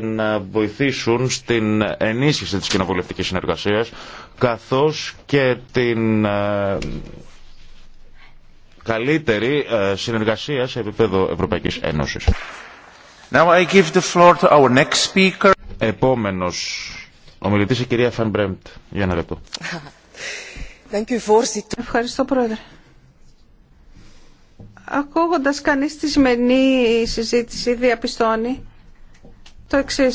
να βοηθήσουν στην ενίσχυση της κοινοβουλευτικής συνεργασίας καθώς και την ε, καλύτερη ε, συνεργασία σε επίπεδο Ευρωπαϊκής Ένωσης. Now I give the floor to our next speaker. Επόμενος ομιλητής η κυρία Φαν Μπρέμπτ. Για ένα λεπτό. Ευχαριστώ πρόεδρε. Ακούγοντας κανείς τη σημερινή συζήτηση διαπιστώνει το εξή.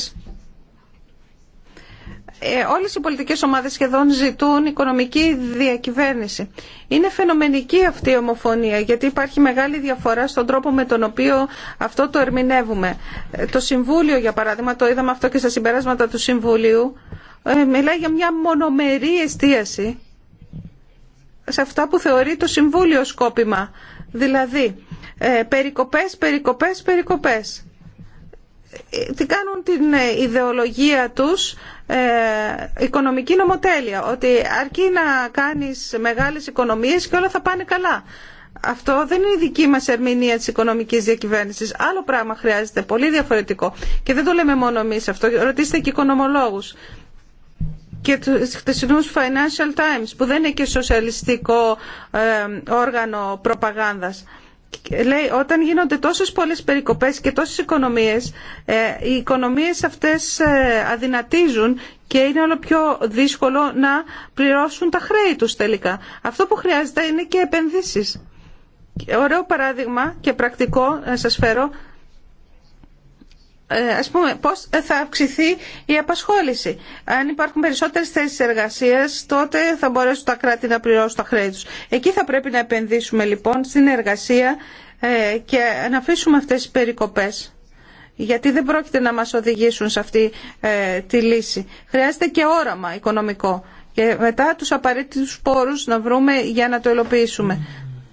Ε, όλες οι πολιτικές ομάδες σχεδόν ζητούν οικονομική διακυβέρνηση. Είναι φαινομενική αυτή η ομοφωνία γιατί υπάρχει μεγάλη διαφορά στον τρόπο με τον οποίο αυτό το ερμηνεύουμε. Ε, το Συμβούλιο για παράδειγμα, το είδαμε αυτό και στα συμπεράσματα του Συμβουλίου, ε, μιλάει για μια μονομερή εστίαση σε αυτά που θεωρεί το Συμβούλιο σκόπιμα. Δηλαδή, ε, περικοπές, περικοπές, περικοπές τι κάνουν την ε, ιδεολογία τους ε, οικονομική νομοτέλεια ότι αρκεί να κάνεις μεγάλες οικονομίες και όλα θα πάνε καλά αυτό δεν είναι η δική μας ερμηνεία της οικονομικής διακυβέρνησης άλλο πράγμα χρειάζεται, πολύ διαφορετικό και δεν το λέμε μόνο εμείς αυτό ρωτήστε και οικονομολόγους και τους χτεσινούς Financial Times που δεν είναι και σοσιαλιστικό ε, όργανο προπαγάνδας λέει όταν γίνονται τόσες πολλές περικοπές και τόσες οικονομίες ε, οι οικονομίες αυτές ε, αδυνατίζουν και είναι όλο πιο δύσκολο να πληρώσουν τα χρέη τους τελικά. Αυτό που χρειάζεται είναι και επενδύσεις. Ωραίο παράδειγμα και πρακτικό να σας φέρω ε, ας πούμε, πώς θα αυξηθεί η απασχόληση. Αν υπάρχουν περισσότερες θέσεις εργασίας, τότε θα μπορέσουν τα κράτη να πληρώσουν τα χρέη τους. Εκεί θα πρέπει να επενδύσουμε λοιπόν στην εργασία ε, και να αφήσουμε αυτές τις περικοπές. Γιατί δεν πρόκειται να μας οδηγήσουν σε αυτή ε, τη λύση. Χρειάζεται και όραμα οικονομικό. Και μετά τους απαραίτητους πόρους να βρούμε για να το ελοποιήσουμε.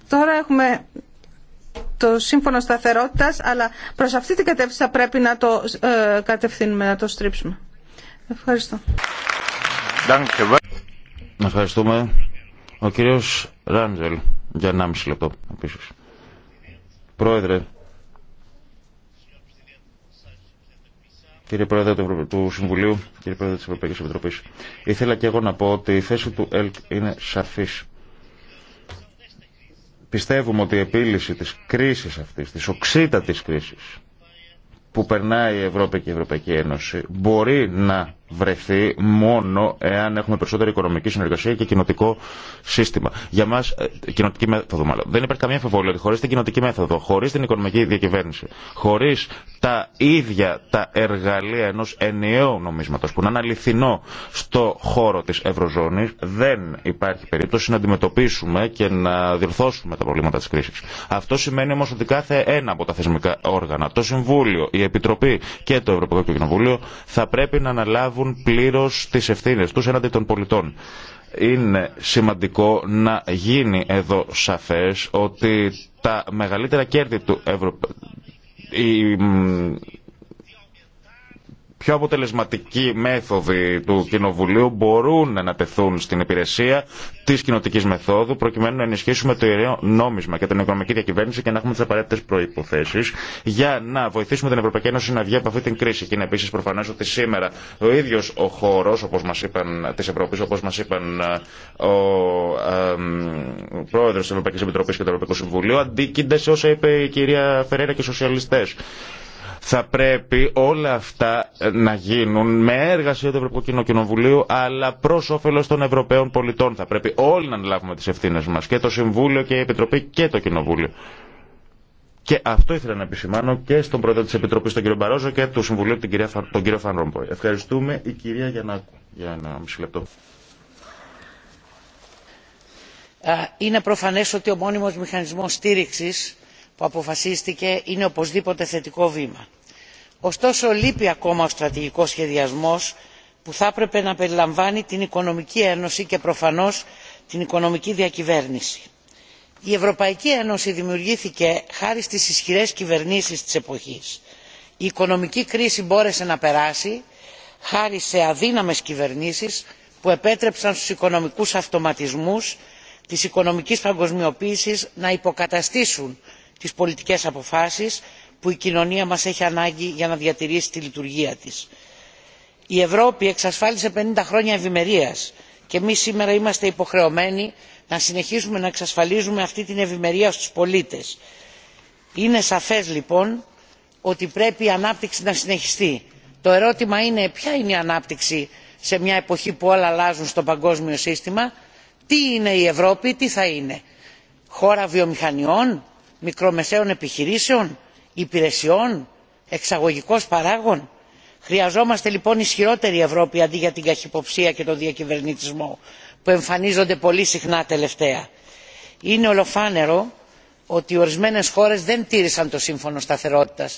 Τώρα έχουμε το σύμφωνο σταθερότητα, αλλά προ αυτή την κατεύθυνση θα πρέπει να το ε, κατευθύνουμε, να το στρίψουμε. Ευχαριστώ. Ευχαριστούμε. Ο κύριος Ράντζελ, για 1,5 λεπτό επίση. Πρόεδρε, Κύριε Πρόεδρε του, Συμβουλίου, κύριε Πρόεδρε τη Ευρωπαϊκή Επιτροπή, ήθελα και εγώ να πω ότι η θέση του ΕΛΚ είναι σαφής Πιστεύουμε ότι η επίλυση της κρίσης αυτής, της οξύτατης κρίσης που περνάει η Ευρώπη και η Ευρωπαϊκή Ένωση μπορεί να βρεθεί μόνο εάν έχουμε περισσότερη οικονομική συνεργασία και κοινοτικό σύστημα. Για μας ε, κοινοτική μέθοδο μάλλον. Δεν υπάρχει καμία αμφιβολία ότι χωρίς την κοινοτική μέθοδο, χωρί την οικονομική διακυβέρνηση, χωρί τα ίδια τα εργαλεία ενός ενιαίου νομίσματος που να είναι αληθινό στο χώρο της Ευρωζώνης δεν υπάρχει περίπτωση να αντιμετωπίσουμε και να διορθώσουμε τα προβλήματα της κρίσης. Αυτό σημαίνει όμως ότι κάθε ένα από τα θεσμικά όργανα, το Συμβούλιο, η Επιτροπή και το Ευρωπαϊκό Κοινοβούλιο θα πρέπει να αναλάβουν πλήρως τις ευθύνες τους έναντι των πολιτών είναι σημαντικό να γίνει εδώ σαφές ότι τα μεγαλύτερα κέρδη του, Ευρω η πιο αποτελεσματικοί μέθοδοι του Κοινοβουλίου μπορούν να τεθούν στην υπηρεσία τη κοινοτική μεθόδου προκειμένου να ενισχύσουμε το ιερό νόμισμα και την οικονομική διακυβέρνηση και να έχουμε τι απαραίτητε προποθέσει για να βοηθήσουμε την Ευρωπαϊκή Ένωση να βγει από αυτή την κρίση. Και είναι επίση προφανέ ότι σήμερα ο ίδιο ο χώρο τη Ευρώπη, όπω μα είπαν ε, ο πρόεδρο τη Ευρωπαϊκή Επιτροπή και του Ευρωπαϊκού Συμβουλίου, αντίκεινται σε όσα είπε η κυρία Φεραίρα και οι σοσιαλιστέ. Θα πρέπει όλα αυτά να γίνουν με έργαση του Ευρωπαϊκού Κοινοβουλίου, αλλά προ όφελο των Ευρωπαίων πολιτών. Θα πρέπει όλοι να λάβουμε τι ευθύνε μα, και το Συμβούλιο και η Επιτροπή και το Κοινοβούλιο. Και αυτό ήθελα να επισημάνω και στον πρόεδρο τη Επιτροπή, τον κύριο Μπαρόζο, και του Συμβουλίου, τον κύριο, τον κύριο Φανρόμποη. Ευχαριστούμε. Η κυρία Γιαννάκου, για ένα μισή λεπτό. Είναι προφανές ότι ο μόνιμος μηχανισμός στήριξης που αποφασίστηκε είναι οπωσδήποτε θετικό βήμα. ωστόσο λείπει ακόμα ο στρατηγικός σχεδιασμός που θα έπρεπε να περιλαμβάνει την οικονομική ένωση και προφανώς την οικονομική διακυβέρνηση. η ευρωπαϊκή ένωση δημιουργήθηκε χάρη στις ισχυρές κυβερνήσεις της εποχής. η οικονομική κρίση μπόρεσε να περάσει χάρη σε αδύναμες κυβερνήσεις που επέτρεψαν στους οικονομικούς αυτοματισμούς της οικονομικής παγκοσμιοποίησης να υποκαταστήσουν τις πολιτικές αποφάσεις που η κοινωνία μας έχει ανάγκη για να διατηρήσει τη λειτουργία της. η ευρώπη εξασφάλισε 50 χρόνια ευημερίας και εμείς σήμερα είμαστε υποχρεωμένοι να συνεχίσουμε να εξασφαλίζουμε αυτή την ευημερία στους πολίτες. είναι σαφές λοιπόν ότι πρέπει η ανάπτυξη να συνεχιστεί. το ερώτημα είναι ποια είναι η ανάπτυξη σε μια εποχή που όλα αλλάζουν στο παγκόσμιο σύστημα. τι είναι η ευρώπη τι θα είναι χώρα βιομηχανιών μικρομεσαίων επιχειρήσεων υπηρεσιών εξαγωγικός παράγων. χρειαζόμαστε λοιπόν ισχυρότερη ευρώπη αντί για την καχυποψία και τον διακυβερνητισμό που εμφανίζονται πολύ συχνά τελευταία. είναι ολοφάνερο ότι ορισμένε χώρε δεν τήρησαν το σύμφωνο σταθερότητα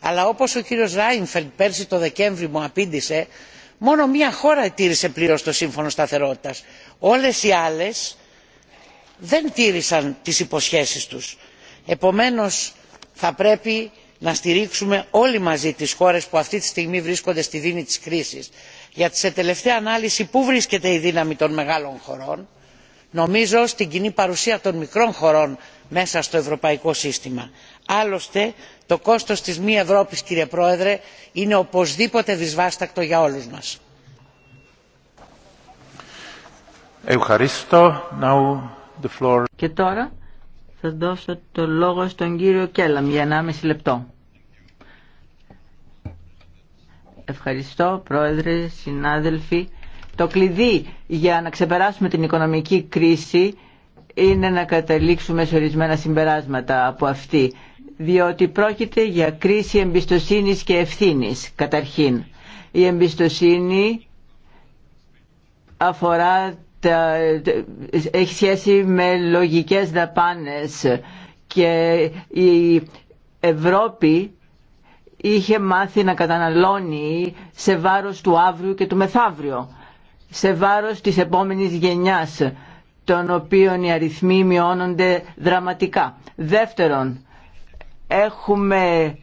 αλλά όπω ο κύριο ράινφελντ πέρσι το δεκέμβρη μου απήντησε μόνο μία χώρα τήρησε πλήρω το σύμφωνο σταθερότητα. όλε οι άλλε δεν τήρησαν τι υποσχέσει τους επομένως θα πρέπει να στηρίξουμε όλοι μαζί τις χώρες που αυτή τη στιγμή βρίσκονται στη δίνη της κρίσης γιατί σε τελευταία ανάλυση πού βρίσκεται η δύναμη των μεγάλων χωρών; νομίζω στην κοινή παρουσία των μικρών χωρών μέσα στο ευρωπαϊκό σύστημα. άλλωστε το κόστος της μη ευρώπης κύριε πρόεδρε είναι οπωσδήποτε δυσβάστακτο για όλους μας. Θα δώσω το λόγο στον κύριο Κέλαμ για 1,5 λεπτό. Ευχαριστώ, Πρόεδρε, συνάδελφοι. Το κλειδί για να ξεπεράσουμε την οικονομική κρίση είναι να καταλήξουμε σε ορισμένα συμπεράσματα από αυτή, διότι πρόκειται για κρίση εμπιστοσύνης και ευθύνης, καταρχήν. Η εμπιστοσύνη αφορά έχει σχέση με λογικές δαπάνες και η Ευρώπη είχε μάθει να καταναλώνει σε βάρος του αύριο και του μεθαύριο, σε βάρος της επόμενης γενιάς, των οποίων οι αριθμοί μειώνονται δραματικά. Δεύτερον, έχουμε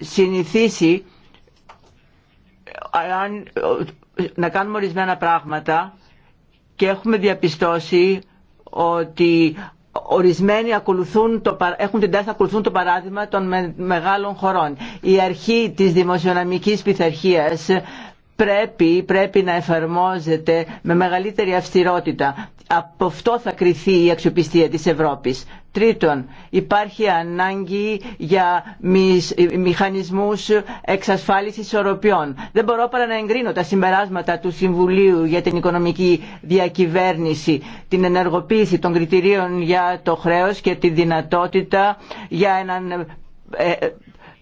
συνηθίσει ε, ε, να κάνουμε ορισμένα πράγματα και έχουμε διαπιστώσει ότι ορισμένοι ακολουθούν το, έχουν την τάση να ακολουθούν το παράδειγμα των μεγάλων χωρών. Η αρχή της δημοσιονομικής πειθαρχίας πρέπει, πρέπει να εφαρμόζεται με μεγαλύτερη αυστηρότητα από αυτό θα κριθεί η αξιοπιστία της Ευρώπης. Τρίτον, υπάρχει ανάγκη για μηχανισμούς εξασφάλισης ισορροπιών. Δεν μπορώ παρά να εγκρίνω τα συμπεράσματα του Συμβουλίου για την οικονομική διακυβέρνηση, την ενεργοποίηση των κριτηρίων για το χρέος και τη δυνατότητα για έναν ε, ε,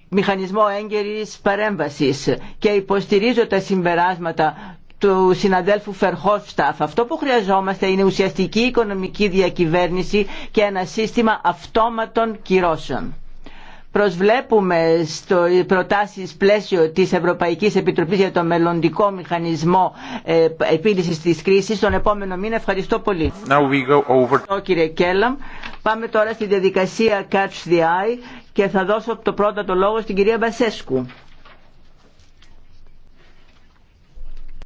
μηχανισμό έγκαιρης παρέμβασης και υποστηρίζω τα συμπεράσματα του συναδέλφου Φερχόφσταφ. Αυτό που χρειαζόμαστε είναι ουσιαστική οικονομική διακυβέρνηση και ένα σύστημα αυτόματων κυρώσεων προσβλέπουμε στο προτάσεις πλαίσιο της Ευρωπαϊκής Επιτροπής για το μελλοντικό μηχανισμό ε, επίλυσης της κρίσης τον επόμενο μήνα. Ευχαριστώ πολύ. Ευχαριστώ, κύριε Κέλλαμ. Πάμε τώρα στη διαδικασία Catch the Eye και θα δώσω το πρώτο το λόγο στην κυρία Μπασέσκου.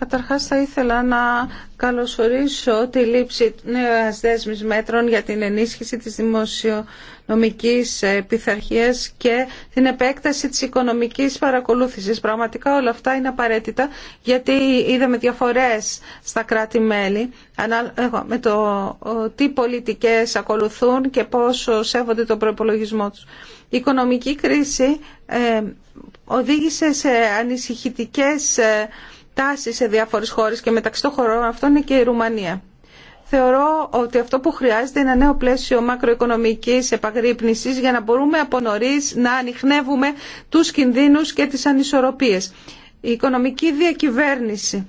Καταρχάς θα ήθελα να καλωσορίσω τη λήψη νέας δέσμης μέτρων για την ενίσχυση της δημοσιονομικής ε, πειθαρχία και την επέκταση της οικονομικής παρακολούθησης. Πραγματικά όλα αυτά είναι απαραίτητα γιατί είδαμε διαφορές στα κράτη-μέλη ε, με το τι πολιτικές ακολουθούν και πόσο σέβονται τον προπολογισμό τους. Η οικονομική κρίση ε, οδήγησε σε ανησυχητικές σε διάφορες χώρες και μεταξύ των χωρών αυτών είναι και η Ρουμανία. Θεωρώ ότι αυτό που χρειάζεται είναι ένα νέο πλαίσιο μακροοικονομικής επαγρύπνησης για να μπορούμε από νωρί να ανοιχνεύουμε τους κινδύνους και τις ανισορροπίες. Η οικονομική διακυβέρνηση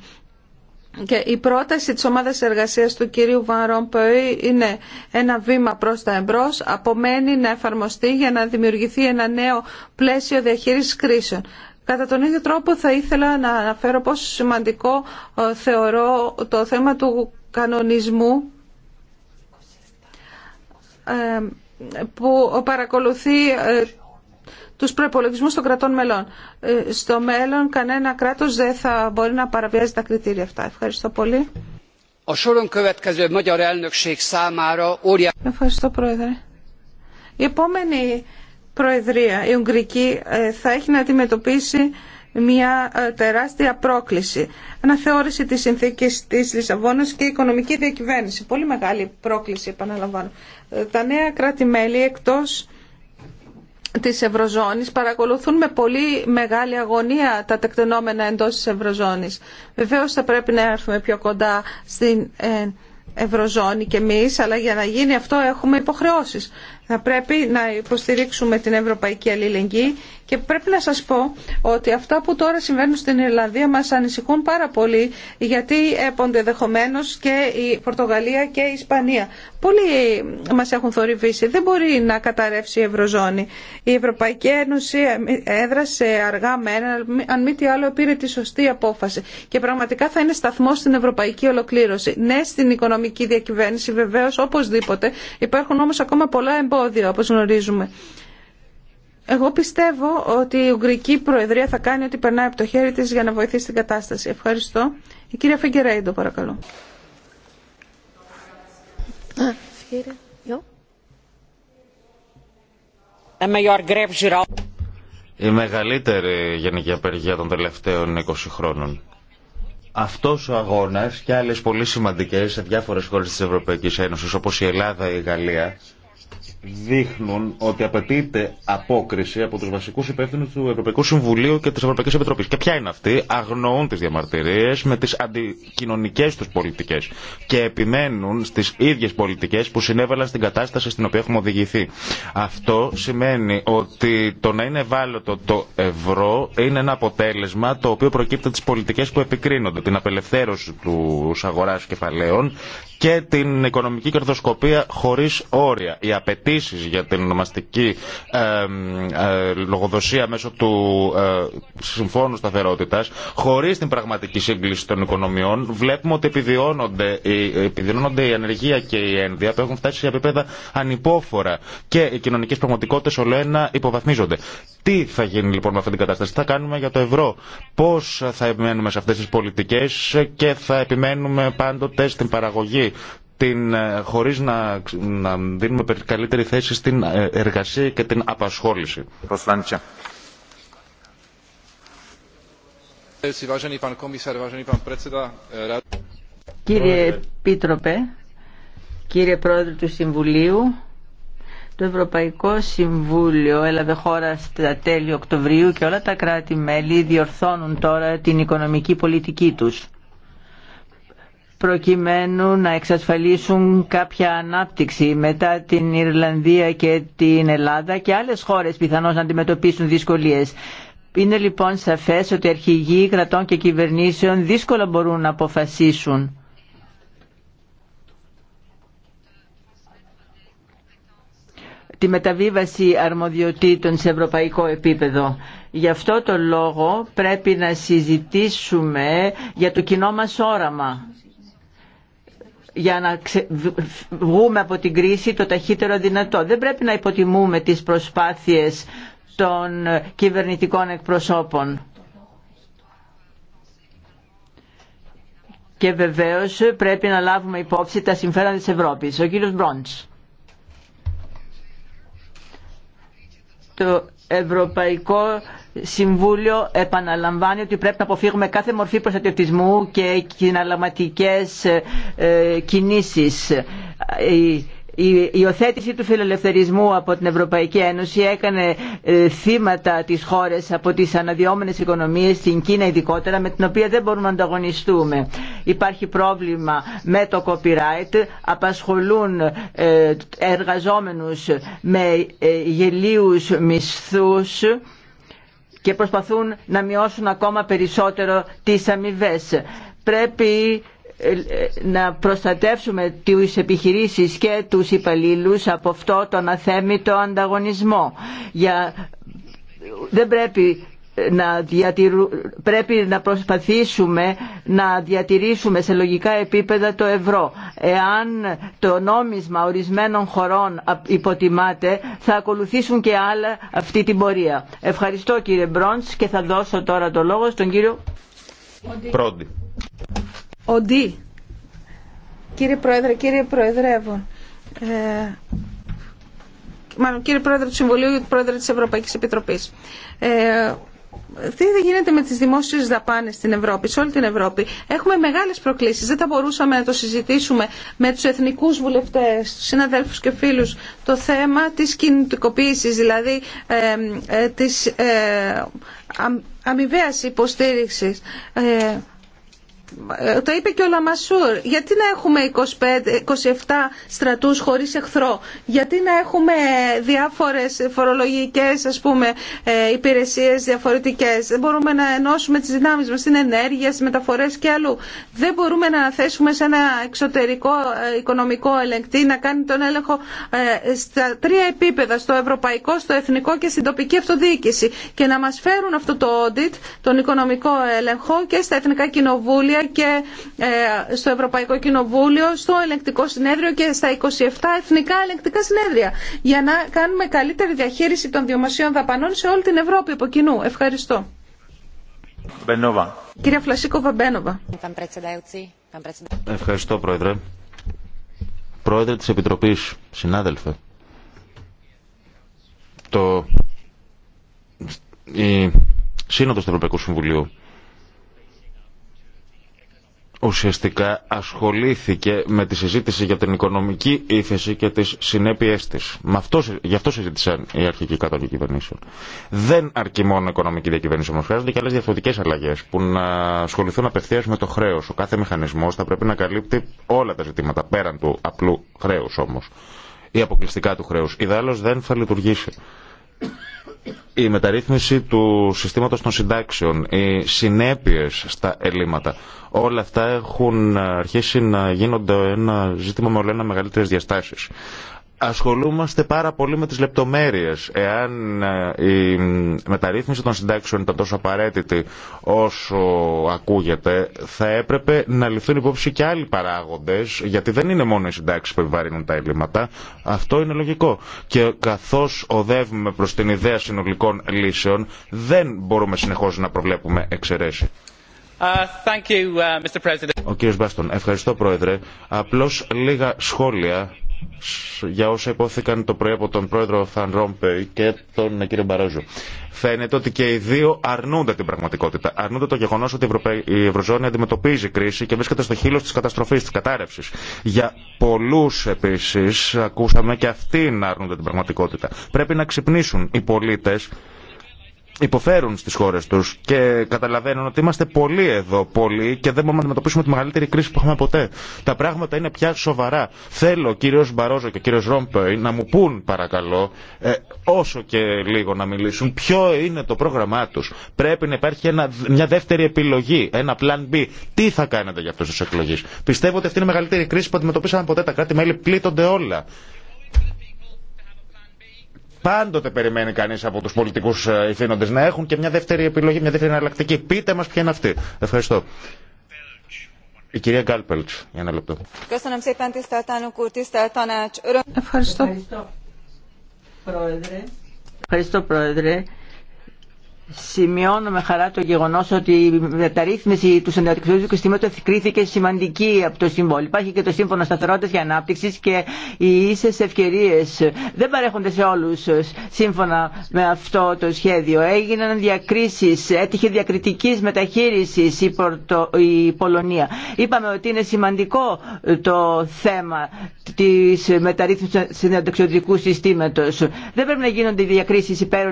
και η πρόταση της ομάδας εργασίας του κυρίου Βαν Ρομπεϊ είναι ένα βήμα προς τα εμπρός, απομένει να εφαρμοστεί για να δημιουργηθεί ένα νέο πλαίσιο διαχείρισης κρίσεων. Κατά τον ίδιο τρόπο θα ήθελα να αναφέρω πόσο σημαντικό ε, θεωρώ το θέμα του κανονισμού ε, που παρακολουθεί ε, τους προπολογισμού των κρατών μελών. Στο μέλλον κανένα κράτος δεν θα μπορεί να παραβιάζει τα κριτήρια αυτά. Ευχαριστώ πολύ. Ευχαριστώ Πρόεδρε. Η Προεδρία, η Ουγγρική, ε, θα έχει να αντιμετωπίσει μια ε, τεράστια πρόκληση. Αναθεώρηση της συνθήκης της Λισαβόνας και οικονομική διακυβέρνηση. Πολύ μεγάλη πρόκληση, επαναλαμβάνω. Ε, τα νέα κράτη-μέλη εκτός της Ευρωζώνης παρακολουθούν με πολύ μεγάλη αγωνία τα τεκτενόμενα εντός της Ευρωζώνης. Βεβαίως θα πρέπει να έρθουμε πιο κοντά στην Ευρωζώνη και εμεί, αλλά για να γίνει αυτό έχουμε υποχρεώσεις. Θα πρέπει να υποστηρίξουμε την ευρωπαϊκή αλληλεγγύη και πρέπει να σας πω ότι αυτά που τώρα συμβαίνουν στην Ιρλανδία μας ανησυχούν πάρα πολύ γιατί έπονται δεχομένω και η Πορτογαλία και η Ισπανία. Πολλοί μας έχουν θορυβήσει. Δεν μπορεί να καταρρεύσει η Ευρωζώνη. Η Ευρωπαϊκή Ένωση έδρασε αργά με αν μη τι άλλο πήρε τη σωστή απόφαση. Και πραγματικά θα είναι σταθμός στην ευρωπαϊκή ολοκλήρωση. Ναι, στην οικονομική διακυβέρνηση βεβαίως οπωσδήποτε. Υπάρχουν όμως ακόμα πολλά εμπόδια όπως γνωρίζουμε. Εγώ πιστεύω ότι η Ουγγρική Προεδρία θα κάνει ό,τι περνάει από το χέρι τη για να βοηθήσει την κατάσταση. Ευχαριστώ. Η κυρία Φιγκερέιντο, παρακαλώ. Η μεγαλύτερη γενική απεργία των τελευταίων 20 χρόνων αυτός ο αγώνας και άλλες πολύ σημαντικές σε διάφορες χώρες της Ευρωπαϊκής Ένωσης όπως η Ελλάδα ή η Γαλλία δείχνουν ότι απαιτείται απόκριση από του βασικού υπεύθυνου του Ευρωπαϊκού Συμβουλίου και τη Ευρωπαϊκή Επιτροπή. Και ποια είναι αυτή, αγνοούν τι διαμαρτυρίε με τι αντικοινωνικέ του πολιτικέ και επιμένουν στι ίδιε πολιτικέ που συνέβαλαν στην κατάσταση στην οποία έχουμε οδηγηθεί. Αυτό σημαίνει ότι το να είναι ευάλωτο το ευρώ είναι ένα αποτέλεσμα το οποίο προκύπτει τι πολιτικέ που επικρίνονται, την απελευθέρωση του αγορά κεφαλαίων και την οικονομική κερδοσκοπία χωρί όρια. Οι απαιτήσει για την ονομαστική ε, λογοδοσία μέσω του ε, Συμφώνου σταθερότητα χωρί την πραγματική σύγκληση των οικονομιών βλέπουμε ότι επιδιώνονται η ανεργία και η ένδυα που έχουν φτάσει σε επίπεδα ανυπόφορα και οι κοινωνικέ πραγματικότητε όλο ένα υποβαθμίζονται. Τι θα γίνει λοιπόν με αυτή την κατάσταση, τι θα κάνουμε για το ευρώ, Πώ θα επιμένουμε σε αυτέ τι πολιτικέ και θα επιμένουμε πάντοτε στην παραγωγή την, ε, χωρίς να, δίνουμε καλύτερη θέση στην ε, εργασία και την απασχόληση. Ε, κύριε Επίτροπε, κύριε Πρόεδρε του Συμβουλίου, το Ευρωπαϊκό Συμβούλιο έλαβε χώρα στα τέλη Οκτωβρίου και όλα τα κράτη-μέλη διορθώνουν τώρα την οικονομική πολιτική τους προκειμένου να εξασφαλίσουν κάποια ανάπτυξη μετά την Ιρλανδία και την Ελλάδα και άλλες χώρες πιθανώς να αντιμετωπίσουν δυσκολίες. Είναι λοιπόν σαφές ότι αρχηγοί κρατών και κυβερνήσεων δύσκολα μπορούν να αποφασίσουν. τη μεταβίβαση αρμοδιοτήτων σε ευρωπαϊκό επίπεδο. Γι' αυτό το λόγο πρέπει να συζητήσουμε για το κοινό μας όραμα για να βγούμε από την κρίση το ταχύτερο δυνατό. Δεν πρέπει να υποτιμούμε τις προσπάθειες των κυβερνητικών εκπροσώπων. Και βεβαίως πρέπει να λάβουμε υπόψη τα συμφέροντα της Ευρώπης. Ο κύριος Μπρόντς. Το Ευρωπαϊκό Συμβούλιο επαναλαμβάνει ότι πρέπει να αποφύγουμε κάθε μορφή προστατευτισμού και κοιναλαματικές ε, ε, κινήσεις. Η υιοθέτηση του φιλελευθερισμού από την Ευρωπαϊκή Ένωση έκανε ε, θύματα τις χώρες από τις αναδυόμενες οικονομίες, στην Κίνα ειδικότερα, με την οποία δεν μπορούμε να ανταγωνιστούμε. Υπάρχει πρόβλημα με το copyright, απασχολούν εργαζόμενους με γελίους μισθούς και προσπαθούν να μειώσουν ακόμα περισσότερο τις αμοιβέ. Πρέπει ε, ε, να προστατεύσουμε τις επιχειρήσεις και τους υπαλλήλους από αυτό τον αθέμητο ανταγωνισμό. Για... Δεν πρέπει να διατηρου... πρέπει να προσπαθήσουμε να διατηρήσουμε σε λογικά επίπεδα το ευρώ. Εάν το νόμισμα ορισμένων χωρών υποτιμάται, θα ακολουθήσουν και άλλα αυτή την πορεία. Ευχαριστώ κύριε Μπρόντς και θα δώσω τώρα το λόγο στον κύριο Πρόντι. Οντί. Κύριε Πρόεδρε, κύριε Προεδρεύω. Ε μάλλον κύριε Πρόεδρε του Συμβουλίου και Πρόεδρε της Ευρωπαϊκής Επιτροπής. Ε, τι δεν γίνεται με τις δημόσιες δαπάνες στην Ευρώπη, σε όλη την Ευρώπη. Έχουμε μεγάλες προκλήσεις. Δεν θα μπορούσαμε να το συζητήσουμε με τους εθνικούς βουλευτές, τους συναδέλφους και φίλους, το θέμα της κινητικοποίησης, δηλαδή ε, ε, της ε, αμοιβαίας υποστήριξης. Ε, ε, το είπε και ο Λαμασούρ, γιατί να έχουμε 25, 27 στρατούς χωρίς εχθρό, γιατί να έχουμε διάφορες φορολογικές ας πούμε, ε, υπηρεσίες διαφορετικές, δεν μπορούμε να ενώσουμε τις δυνάμεις μας στην ενέργεια, στις μεταφορές και αλλού. Δεν μπορούμε να θέσουμε σε ένα εξωτερικό ε, οικονομικό ελεγκτή να κάνει τον έλεγχο στα τρία επίπεδα, στο ευρωπαϊκό, στο εθνικό και στην τοπική αυτοδιοίκηση και να μας φέρουν αυτό το audit, τον οικονομικό έλεγχο και στα εθνικά κοινοβούλια και ε, στο Ευρωπαϊκό Κοινοβούλιο, στο Ελεκτικό Συνέδριο και στα 27 Εθνικά Ελεκτικά Συνέδρια για να κάνουμε καλύτερη διαχείριση των δημοσίων δαπανών σε όλη την Ευρώπη από κοινού. Ευχαριστώ. Μπενόβα. Κυρία Φλασίκο Βαμπένοβα. Ευχαριστώ, Πρόεδρε. Πρόεδρε της Επιτροπής, συνάδελφε. Το... Η Σύνοδος του Ευρωπαϊκού Συμβουλίου ουσιαστικά ασχολήθηκε με τη συζήτηση για την οικονομική ύφεση και τις συνέπειές της. Με αυτό, γι' αυτό συζήτησαν οι αρχικοί κατόχοι κυβερνήσεων. Δεν αρκεί μόνο οικονομική διακυβέρνηση όμως, χρειάζονται και άλλες διαφορετικές αλλαγές που να ασχοληθούν απευθείας με το χρέος. Ο κάθε μηχανισμός θα πρέπει να καλύπτει όλα τα ζητήματα, πέραν του απλού χρέους όμως. Ή αποκλειστικά του χρέους. Ιδάλλως δεν θα λειτουργήσει η μεταρρύθμιση του συστήματος των συντάξεων, οι συνέπειες στα ελλείμματα, όλα αυτά έχουν αρχίσει να γίνονται ένα ζήτημα με όλα ένα μεγαλύτερες διαστάσεις ασχολούμαστε πάρα πολύ με τις λεπτομέρειες. Εάν ε, η μεταρρύθμιση των συντάξεων ήταν τόσο απαραίτητη όσο ακούγεται, θα έπρεπε να ληφθούν υπόψη και άλλοι παράγοντες, γιατί δεν είναι μόνο οι συντάξεις που επιβαρύνουν τα ελλείμματα. Αυτό είναι λογικό. Και καθώς οδεύουμε προς την ιδέα συνολικών λύσεων, δεν μπορούμε συνεχώς να προβλέπουμε εξαιρέσει. Ε, thank you, ε, Mr. Ο κύριος Μπάστον, ευχαριστώ πρόεδρε. Απλώς λίγα σχόλια για όσα υπόθηκαν το πρωί από τον πρόεδρο Φαν Ρόμπεϊ και τον κύριο Μπαρόζο. Φαίνεται ότι και οι δύο αρνούνται την πραγματικότητα. Αρνούνται το γεγονό ότι η Ευρωζώνη αντιμετωπίζει κρίση και βρίσκεται στο χείλο τη καταστροφή, τη κατάρρευση. Για πολλού επίση, ακούσαμε και αυτοί να αρνούνται την πραγματικότητα. Πρέπει να ξυπνήσουν οι πολίτε υποφέρουν στις χώρες τους και καταλαβαίνουν ότι είμαστε πολλοί εδώ, πολλοί και δεν μπορούμε να αντιμετωπίσουμε τη μεγαλύτερη κρίση που έχουμε ποτέ. Τα πράγματα είναι πια σοβαρά. Θέλω ο κύριος Μπαρόζο και ο κύριος Ρόμπεϊ να μου πούν παρακαλώ, ε, όσο και λίγο να μιλήσουν, ποιο είναι το πρόγραμμά τους. Πρέπει να υπάρχει μια δεύτερη επιλογή, ένα plan B. Τι θα κάνετε για αυτές τις εκλογές. Πιστεύω ότι αυτή είναι η μεγαλύτερη κρίση που αντιμετωπίσαμε ποτέ. Τα κράτη-μέλη πλήττονται όλα. Πάντοτε περιμένει κανεί από του πολιτικού ε, ηθήνοντε να έχουν και μια δεύτερη επιλογή, μια δεύτερη εναλλακτική. Πείτε μα ποια είναι αυτή. Ευχαριστώ. Η κυρία Γκάλπελτ, για ένα λεπτό. Ευχαριστώ. Ευχαριστώ, Πρόεδρε. Ευχαριστώ, Πρόεδρε. Σημειώνω με χαρά το γεγονό ότι η μεταρρύθμιση του συνεργατικού συστήματο κρίθηκε σημαντική από το Συμβόλιο. Υπάρχει και το Σύμφωνο Σταθερότητα και Ανάπτυξη και οι ίσε ευκαιρίε δεν παρέχονται σε όλου σύμφωνα με αυτό το σχέδιο. Έγιναν διακρίσει, έτυχε διακριτική μεταχείριση η, Πορτο... η Πολωνία. Είπαμε ότι είναι σημαντικό το θέμα τη μεταρρύθμιση του συνεργατικού συστήματο. Δεν πρέπει να γίνονται διακρίσει υπέρ